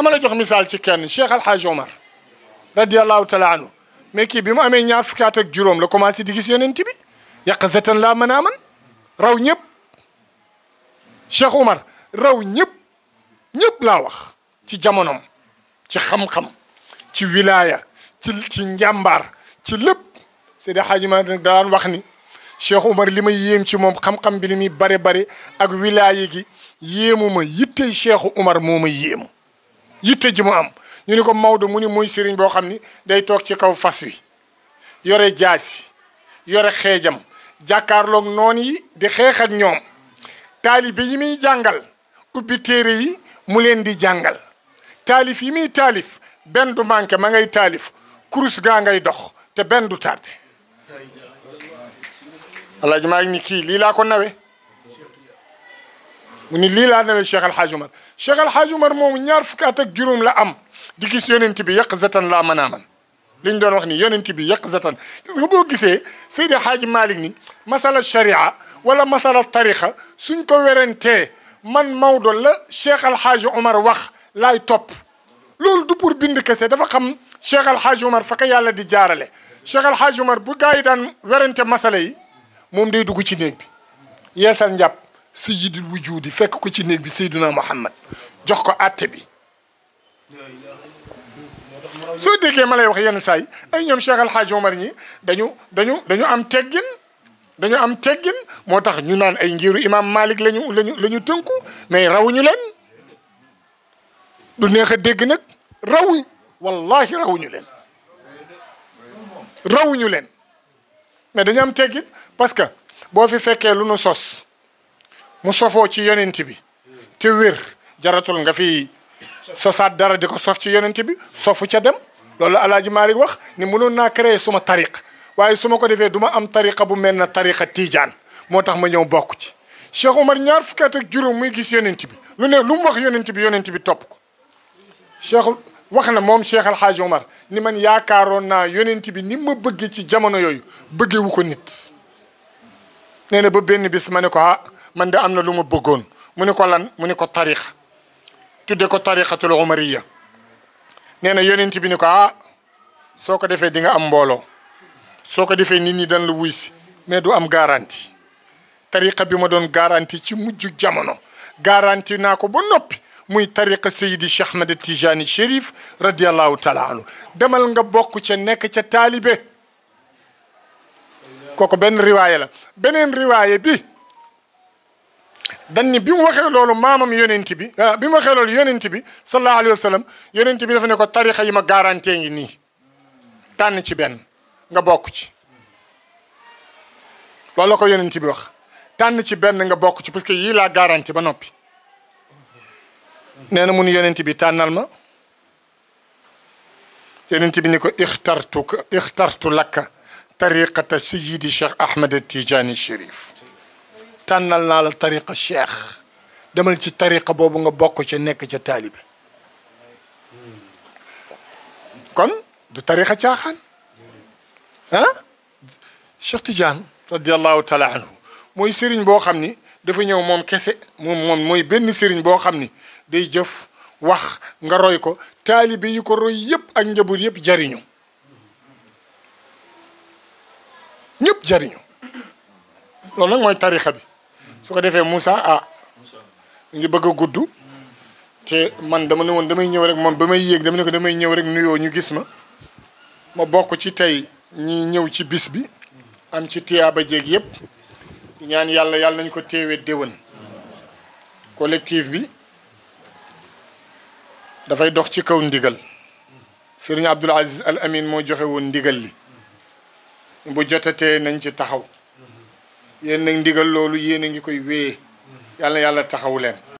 dama la jox misal ci kenn Cheikh Al Hadj Omar radiyallahu taala anhu mais ki bima amé ñaar fukat ak juróom la commencé di gis yonent bi yàq zetan laa raw ñep Cheikh Omar raw ñep ñep la wax ci jamonom ci xam-xam ci wilaya ci ci njambar ci lépp c'est de Hadji Malick daan wax ni Cheikh Omar limay yem ci mom xam-xam bi limi bare bare ak wilaya gi yéemu ma Cheikh Omar moo yemuma yitte ji mu am ñu ni ko Maodo mu ni muy sëriñ boo xam ni day toog ci kaw fas wi yore jaasi yore xeejam jàkkaarloog noon yi di xeex ak ñoom taalibe yi muy jàngal ubbi téere yi mu leen di jàngal taalif yi muy taalif benn du manqué ma ngay taalif kurus gaa ngay dox te benn du tardé alaaji maa ngi ni kii lii ko nawe من اللي لا نبي شغل الحاج عمر شغل الحاج عمر مو من كاتك جروم لا ام ديك سين انت بي لا مناما لين دون وخني يون انت بي يقزتن بو غيسي سيدي حاج مساله الشريعه ولا مساله الطريقه سن ورنتي من مودول لا الحاج عمر وخ لاي توب لول دو بور بيند كسي دا خم الحاج عمر فك يالا دي جارالي شيخ الحاج عمر بو ورنتي مساله يي دي دوجو سي نيك بي sayyidul wujudi fekk ko ci néeg bi sayyiduna Muhammad jox ko àtte bi soo déggee ma lay wax yenn saa yi ay ñoom Cheikh Al Hadj Omar ñi dañu dañu dañu am teggin dañu am teggin moo tax ñu naan ay njiiru imam Malik lañu lañu la ñu tënku mais rawuñu leen du neex a dégg nag rawuñ wallahi rawuñu leen rawuñu leen mais dañu am teggin parce que boo fi fekkee lu nu sos mu sofoo ci yonent bi te wér jaratul nga fi sosaat dara di ko sof ci yonent bi sofu ca dem loolu alaaji Malick wax ni mënoon naa créer suma tariq waaye su ma ko defee duma am tariqa bu mel na tariqa tiijaan moo tax ma ñëw bokk ci Cheikh Omar ñaar fukki at ak juróom muy gis yonent bi lu ne lu mu wax yonent bi yonent bi topp ko Cheikh wax na moom Cheikh El Hadj ni man yaakaaroon naa yonent bi ni ma bëgge ci jamono yooyu bëggewu ko nit nee na ba benn bis ma ne ko ah man da amna luma lu ma bëggoon mu ni ko lan mu ni ko tariqa tudde ko tariikhatul umariya neena yonent bi ni ko ah soko defé di nga am mbolo soko defé nit ñi dañ la wuy mais du am garanti tariikha bi ma doon garanti ci mujju jamono garantie nako bu nopi muy tariikha sayyidi Cheikh Ahmed Tijani Chérif radiallahu taala anhu demal nga bokku ci nek ci talibé koko ben riwaya la benen riwaya bi dan ni bi mu waxee loolu maamam yonent bi bi mu waxee loolu yonent bi sallallahu alayhi wa sallam bi dafa ne ko tarixa yi garantie ngi nii tànn ci benn nga bokk ci loolu ko yonent bi wax tànn ci benn nga bokk ci parce que yii laa garantie ba noppi nee na mun bi tànnal ma yonent bi ni ko ixtartu ixtartu lakka tariqata sayidi cheikh ahmed tijaani chérif tànnal naa la tariqa cheikh demal ci tariqa boobu nga bok ci nek ci taalibe kon du tariqa caaxaan ah Cheikh Tidiane radiallahu taala anhu moy serigne bo xamni dafa ñëw mom kessé mom mom moy benn serigne bo xamni day jëf wax nga roy ko taalibe yi ko roy yëpp ak njaboot yëpp jariñu ñëpp jariñu loolu nag mooy tarixa bi su ko defee Moussa ah ngi bëgg a gudd te man dama ne woon damay ñëw rek moom ba may yéeg dama ne ko damay ñëw rek nuyoo ñu gis ma ma bokk ci tey ñi ñëw ci bis bi am ci tiyaaba jéeg yëpp ñaan yàlla yàlla nañu ko téewee déwén collectif bi dafay dox ci kaw ndigal Serigne Abdoul Aziz Al Amin moo joxe woon ndigal li bu jotatee nañ ci taxaw yéen nag ndigal loolu yéen a ngi koy wéyee yal na yàlla taxawu leen